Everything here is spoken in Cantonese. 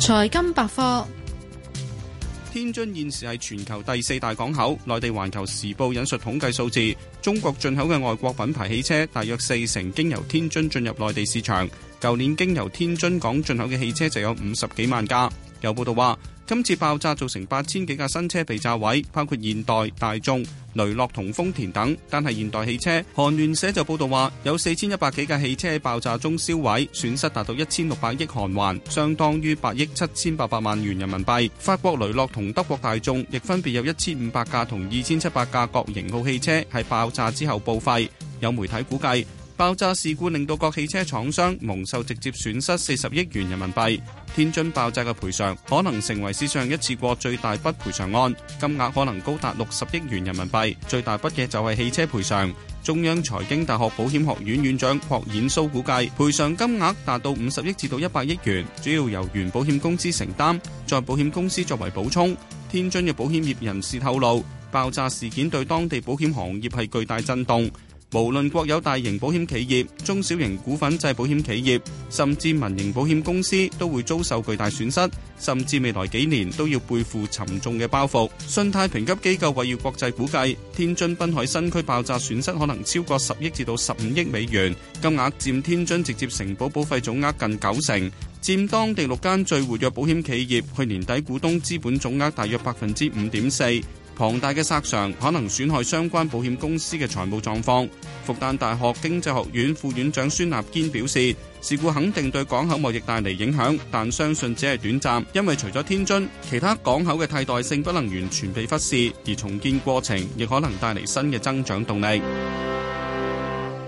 財金百科：天津現時係全球第四大港口。內地環球時報引述統計數字，中國進口嘅外國品牌汽車大約四成經由天津進入內地市場。舊年經由天津港進口嘅汽車就有五十幾萬架。有報道話。今次爆炸造成八千幾架新車被炸毀，包括現代、大眾、雷諾同豐田等。但係現代汽車韓聯社就報道話，有四千一百幾架汽車喺爆炸中燒毀，損失達到一千六百億韓元，相當於八億七千八百萬元人民幣。法國雷諾同德國大眾亦分別有一千五百架同二千七百架各型號汽車喺爆炸之後報廢。有媒體估計。爆炸事故令到各汽車廠商蒙受直接損失四十億元人民幣，天津爆炸嘅賠償可能成為史上一次過最大筆賠償案，金額可能高達六十億元人民幣，最大筆嘅就係汽車賠償。中央財經大學保險學院院長霍衍蘇估計賠償金額達到五十億至到一百億元，主要由原保險公司承擔，再保險公司作為補充。天津嘅保險業人士透露，爆炸事件對當地保險行業係巨大震動。無論國有大型保險企業、中小型股份制保險企業，甚至民營保險公司，都會遭受巨大損失，甚至未來幾年都要背負沉重嘅包袱。信貸評級機構惠譽國際估計，天津濱海新區爆炸損失可能超過十億至到十五億美元，金額占天津直接承保保費總額近九成。佔當地六間最活躍保險企業去年底股東資本總額大約百分之五點四，龐大嘅索償可能損害相關保險公司嘅財務狀況。復旦大學經濟學院副院長孫立堅表示：事故肯定對港口貿易帶嚟影響，但相信只係短暫，因為除咗天津，其他港口嘅替代性不能完全被忽視，而重建過程亦可能帶嚟新嘅增長動力。